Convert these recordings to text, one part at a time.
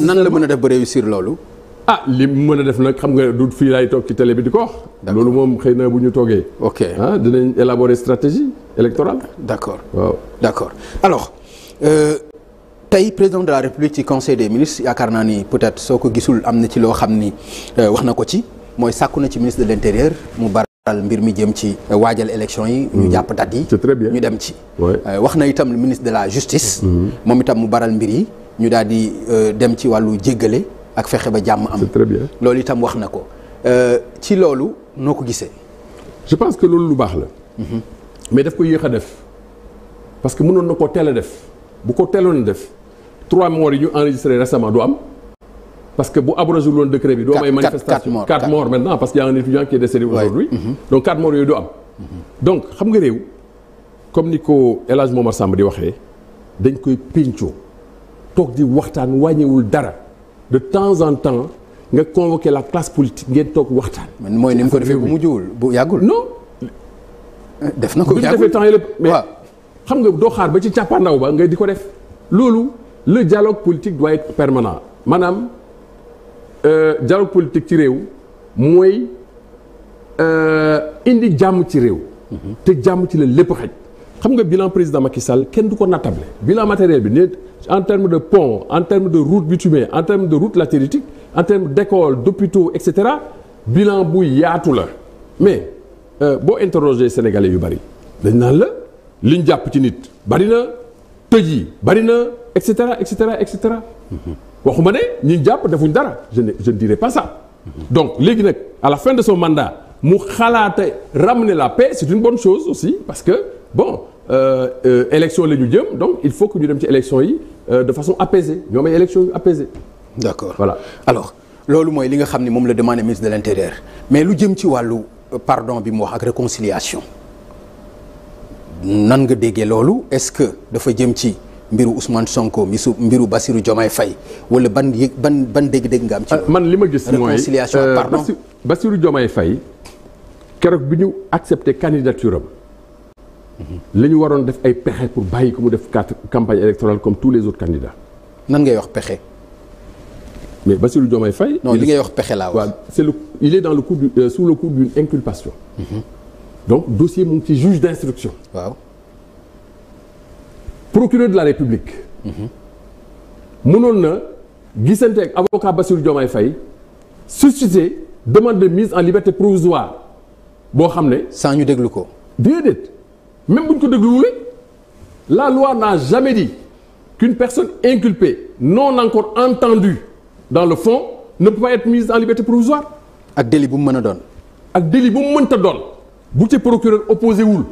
nan la mën a def ba réussir loolu. ah li mu mën a def nag xam nga du fii laay toog ci bi di ko wax. loolu moom xëy na bu ñu toogee. ok ah dinañ élaborer stratégie électorale. d' accord accord alors. Euh... tey président de la république ci conseil des ministre yaakaar naa ni peut-être soo ko gisul am na ci loo xam ni euh, wax na ko ci mooy sàkku na ci ministre de l' intérieur mu baral mbir mi jëm ci euh, waajal élection yi. ñu mm-hmm. jàpp date yi. c'est très bien ñu dem ci. Euh, wax na itam lu ministre de la justice. Mm-hmm. moom itam mu baral mbir yi. ñu daal di euh, dem ci wàllu jéggale ak fexe ba jàmm am. c'est loolu itam wax na ko euh, ci loolu noo ko gisee. je pense que loolu lu baax la. Mhm. mais daf ko yéex a def parce que mënoon na koo teel def bu ko teeloon a def trois morts yi ñu enregistré récemment du am. parce que bu abrogé loon décret bi doo am ay manifestation quatre morts maintenant parce qu'il y a un étudiant qui est décédé aujourd'hui mhm. donc quatre morts yooyu du am mhm. donc xam nga réew comme ni ko El Hadj Momar Samb di waxee dañ koy péncoo toog di waxtaan wàññiwul dara de temps en temps nga convoqué la classe politique ngeen toog waxtaan. man mooy ni mu ko defee bu mujjul bu yàggul. non. def na ko yàggul bu defee temps yëpp mais xam nga doo xaar ba ci càppaandaw ba nga di ko def. loolu le dialogue politique doit être permanent maanaam euh, dialogue politique ci réew mooy euh, indi jàmm ci réew. Mhm. te jàmm ci la lépp xaj. xam nga bilan président Macky Sall kenn du ko nattable bilan matériel bi ne. en terme de pont en terme de route bitumée en termes de route latéritique en termes d'écoles d'hôpitaux et cetera bilan bu yaatu la mais euh, boo euh, interroger yu bari dañ naan la liñ jàpp ci nit bari na tëj yi bari na et cetera et cetera et cetera mm-hmm. waxuma ne ñi jàpp defuñ dara je ne je ne dirai pas ça mm-hmm. donc léegi nag à la fin de son mandat mu xalaata ramener la paix c'est une bonne chose aussi parce que bon Euh, euh, élection la ñu jëm donc il faut que ñu dem ci élection yi euh, de façon apaisée ñoom ay élection yu apaisée. d'accord voilà alors loolu mooy li nga xam ni moom la demandé ministre de l'intérieur mais lu jëm ci wàllu pardon bi mu wax ak réconciliation nan nga déggee loolu est-ce que dafa jëm ci mbiru Ousmane Sonko mi su mbiru bassiru jommay fay wala ban yëg ban ban dégg-dégg nga am. ci man li ma gis mooy réconciliation pardon Bassirou Diomaye Faye keroog bi ñu accepté candidature am. la ñu waroon def ay pexe pour bàyyi ko mu def carte campagne électorale comme tous les autres candidats. nan ngay wax pexe. mais Bassirou Diomaye fay non li ngay wax pexe laa waa c'est le il est dans le coup du euh, sous le coup d'une inculpation. Mm donc dossier mu ngi ci juge d'instruction. waaw. procureur de la République. Mm-hmm. mënoon na gisante ak avocat Bassirou Diomaye Faye susciter demande de mise en liberté provisoire boo xam ne. sans ñu déglu ko. même bu ñu ko dégluwulee la loi n'a jamais dit qu'une personne inculpée non encore entendue dans le fond ne peut pas être mise en liberté provisoire. ak délit bu mu mën a doon. ak délit bu mu mënta doon bu wul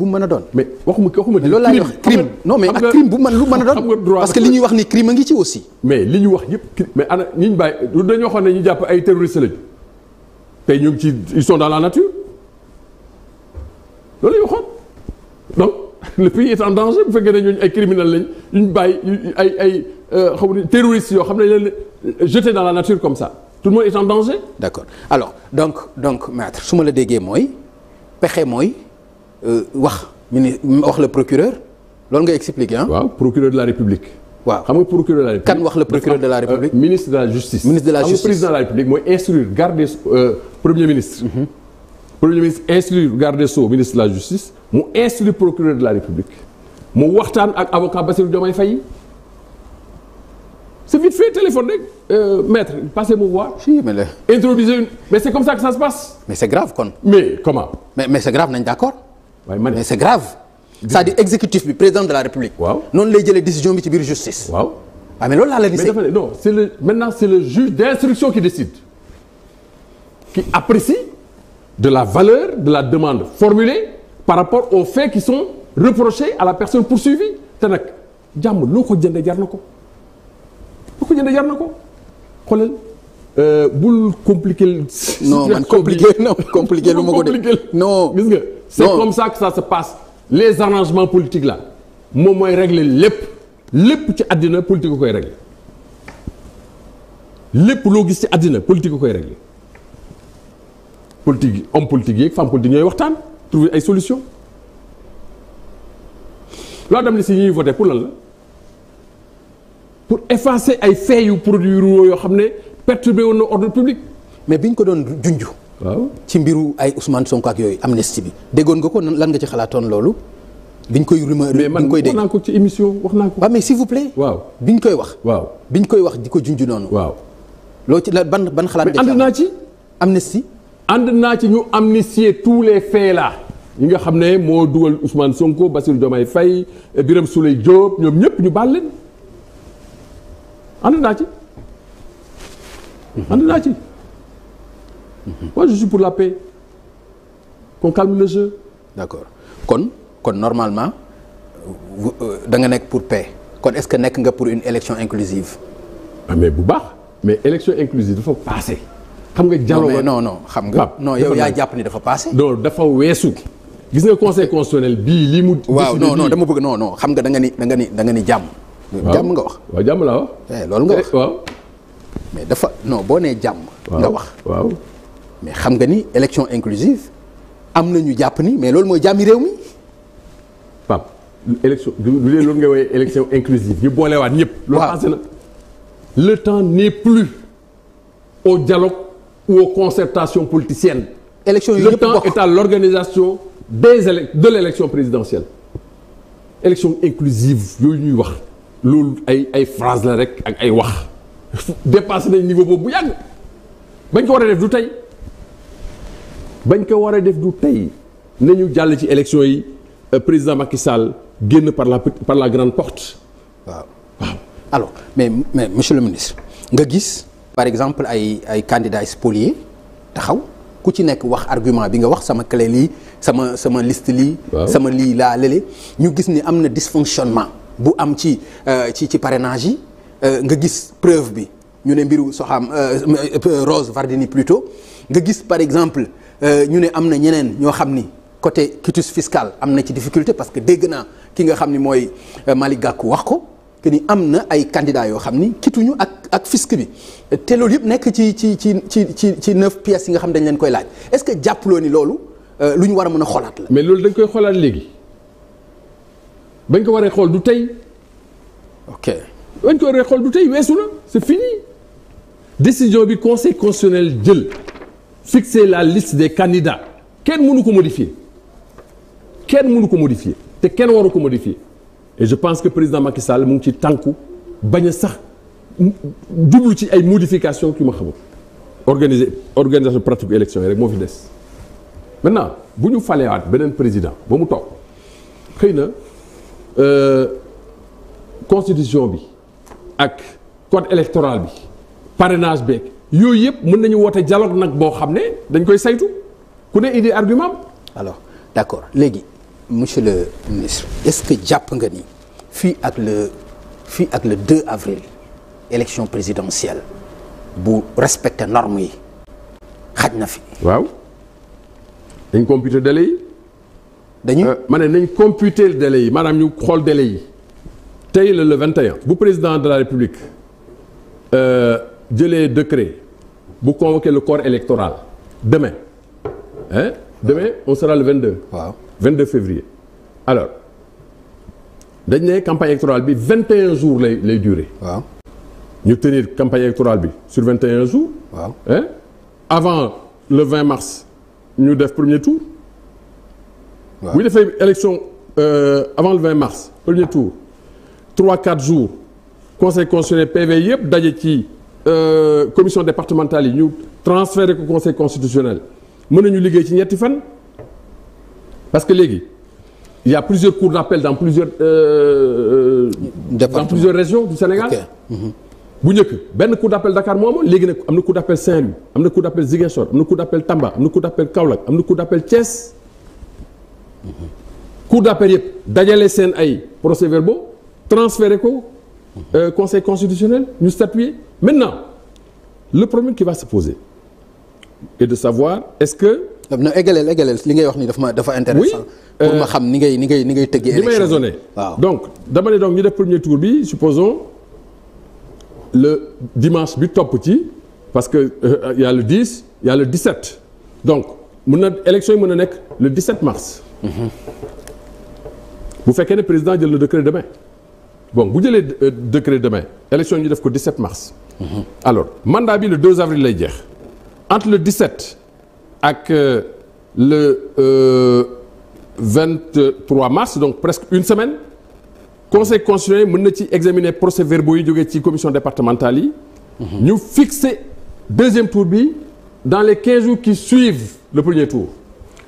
mën a doon. mais waxuma waxuma. loolu laa wax crime mais ak bu mën lu mën a doon parce li ñuy wax ni crime a ngi ci aussi. mais li ñu wax yëpp mais ana ñi ñu bàyyi dañoo waxoon ne ñu jàpp ay terroristes lañu tey ñu ngi ci ils sont dans la nature. loolu la ñu donc le pays est en danger bu fekkee ne a ay criminels lañ ñu bàyyi ay ay euh, xaw ma terroristes yoo xam ne leen jeté dans la nature comme ça tout le monde est en danger. d' accord alors donc donc maître su ma la déggee mooy pexe mooy euh, wax ñu ne wax le procureur loolu nga expliqué ah. waaw procureur de la république. waaw xam nga procureur de la république kan wax le procureur de euh, ministre de la justice. ministre de la justice xam nga président de premier ministre. Mm-hmm. premier ministre instruit garde Sceaux ministre de la justice mu instruit procureur de la république mu waxtaan ak avocat Bassirou Diomaye Faye c'est vite fait téléphone rek euh, maître passez me voir. si mais la. introduisez une mais c'est comme ça que ça se passe. mais c'est grave mais comment. mais mais c'est grave nañ d'accord. man mais c'est grave. c'est-à-dire exécutif bi président de la république. waaw noonu lay jëlee décision bi ci biir justice. waaw ah mais loolu laa la gisee. mais dafa ne non c'est de la valeur de la demande formulée par rapport aux faits qui sont reprochés à la personne poursuivie te nag jàmm loo ko jënde jar na ko loo ko jënde jar na ko xoolal euh, bul compliquer. non man compliqué non compliqué lu ma ko def non gis nga. c'est comme ça que ça se passe les arrangements politiques là moom mooy régler lépp lépp ci àddina politique koy régler lépp loo gis ci àddina politique koy régler. politique yi homme politique yeeg femme politique waxtaan trouver ay solution loi d'amnistie si ñuy voté pour lan la pour effacer ay faits yu produits ruraux yoo xam ne perturbé woon na ordre public. mais biñ ko doon junj. waaw ci mbiru ay Ousmane Sonko ak yooyu amnistie bi déggoon nga ko lan nga ci xalaatoon loolu. biñ koy rumeur mais man wax naa ko ci émission wax naa ko. waaw mais s'il vous plaît. waaw biñ koy wax. waaw biñ koy wax di ko junj noonu. waaw loolu ci la ban ban xalaat. mais ànd naa ci am amnistie ànd naa ci ñu amnistier tous les faits la ñu nga xam ne moo dugal Ousmane Sonko Bassirou Diomaye Faye Birame Souleye Diop ñoom ñëpp ñu baal leen ànd naa ci. ànd naa ci. pour la paix. qu'on calme le jeu. d'accord kon kon normalement euh, da nga nekk pour paix kon est-ce que nekk nga pour une élection inclusive. ah mais bu baax mais élection inclusive dafa passé. xam nga dialogue non non xam nga. non yow yaa jàpp ni dafa passé. non dafa weesu. gis nga conseil constitutionnel bi lii mu. waaw non non dama bëgg non non xam nga danga ni danga ni da ni jàmm. jàmm nga wax. waaw jàmm laa wax. Eh, loolu nga eh, wax waaw. mais dafa non boo nee jàmm. wax waaw. xam nga ni élection inclusive am na ñu jàpp ni mais loolu mooy jàmmi réew mi. Pape élection du leen loolu nga woowee élection inclusive ñu boolewaat ñëpp. waaw loolu passé na le temps n'est plus au dialogue. ou aux concertations politiciennes. élection yi le temps est à l'organisation des élec de l'élection présidentielle. élection yooyu ñuy wax loolu ay ay phrase la rek ak ay wax. dépassé nañ niveau boobu bu yàgg bañ ko war a def du tey bañ ko war def du tey nañu jàll ci élection yi euh, président Macky Sall génn par la par la grande porte waaw. waaw alors mais mais monsieur le ministre nga gis. par exemple ay ay candidats spoliés taxaw ku ci nekk wax argument bi nga wax sama clé lii sama sama liste lii. sama lii laa lële ñu gis ni am na dysfonctionnement bu am ci euh, ci ci parrainage yi euh, nga gis preuve bi ñu ne mbiru Soham euh, Rose Wardini plutôt nga gis par exemple ñu ne am na ñeneen ñoo xam ni. côté quitus fiscal am na ci difficulté parce que dégg naa ki nga xam ni mooy Malick Gakou wax ko que ni am na ay candidats yoo xam ni quituñu ak ak fisc bi te loolu yëpp nekk ci ci ci ci ci ci neuf pièces yi nga xam dañ leen koy laaj est-ce que jàppaloo ni loolu euh, lu ñu war a mën a xoolaat la. mais loolu dañ koy xoolaat léegi bañ ko waree xool du tey. ok bañ ko waree xool du tey weesu na c'est fini décision bi conseil constitutionnel jël fixer la liste des candidats kenn mënu ko modifier kenn mënu ko modifier te kenn waru ko modifier et je pense que président Macky Sall mu ngi ci tànku bañ a sax. jublu ci ay modification ki ma xamul organiser organisation pratique élection yi rek moo fi des maintenant bu ñu falee falewaat beneen président ba mu toog xëy na euh, constitution bi ak code électoral bi parrainage beeg yooyu yëpp mën nañu woote dialogue nag boo xam ne dañ koy saytu ku ne idée argument alors d'accord léegi monsieur le ministre est-ce que jàpp nga ni fii ak le fii ak le 2 avril élection présidentielle bu respecter normes yi xaj na fi. waaw dañ computer délai yi. dañuy euh, mane ne nañ computer délai yi maanaam ñu xool délai yi. tey la le 21 bu président de la république euh, jëlee euh, bu convoquer le corps électoral demain hein demain ouais. on sera le 22. waaw 22 février. alors dañ ne campagne électorale bi 21 jours lay lay durer. waaw. ñu tenir campagne électorale bi sur 21 jours. waaw hein avant le 20 mars ñu def premier tour. waaw bu ñu defee élection euh, avant le 20 mars premier tour 3-4 jours conseil constitutionnel PV yëpp daje ci euh, commission départementale yi ñu transféré ko conseil constitutionnel mën nañu liggéey ci ñetti fan. parce que léegi il y a plusieurs cours d'appel dans plusieurs. Euh, euh dans plusieurs régions du Sénégal. Mm-hmm. bu njëkk benn cour d'appel Dakar moo amoon léegi nag am na cour d'appel Saint-Louis am na cour d'appel Ziguinchor am na cour d'appel Tamba am na cour d'appel Kaolack am na cour d'appel yëpp dajale seen ay procès-verbaux transféré ko euh, conseil constitutionnel ñu statuer maintenant le problème qui va se poser est de savoir est-ce que. na égaleel égaleel li ngay wax ni dafa ma dafa intéressant pour ma euh, xam ni ngay ni ngay ni ngay tëggee. élection li may raisonner. donc dama ne donc ñu def premier tour bi supposons. le dimanche bi topp ci parce que euh, y a le 10 y a le 17 donc mun na élection yi mën na nekk le 17 mars. Mhm. bu fekkee ne président jël na décret demain bon bu jëlee euh, décret demain élection ñu def ko 17 mars. Mmh. alors mandat bi le avril lay jeex entre le 17 ak euh, le euh, 23 mars donc presque une semaine. conseil constitutionnel mën na ci examiner procès verbaux yi jógee ci commission départementale yi. ñu fixer deuxième tour bi dans les quinze jours qui suivent le premier tour.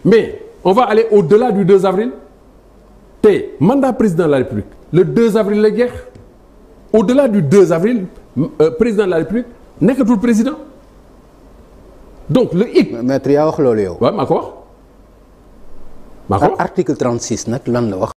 mais on va aller au-delà du 2 avril te mandat président de la République le 2 avril la jeex au-delà du 2 avril euh, président de la République nekkatul président donc le hic. maître wax loolu yow. waaw maa ko wax. nag lan la wax.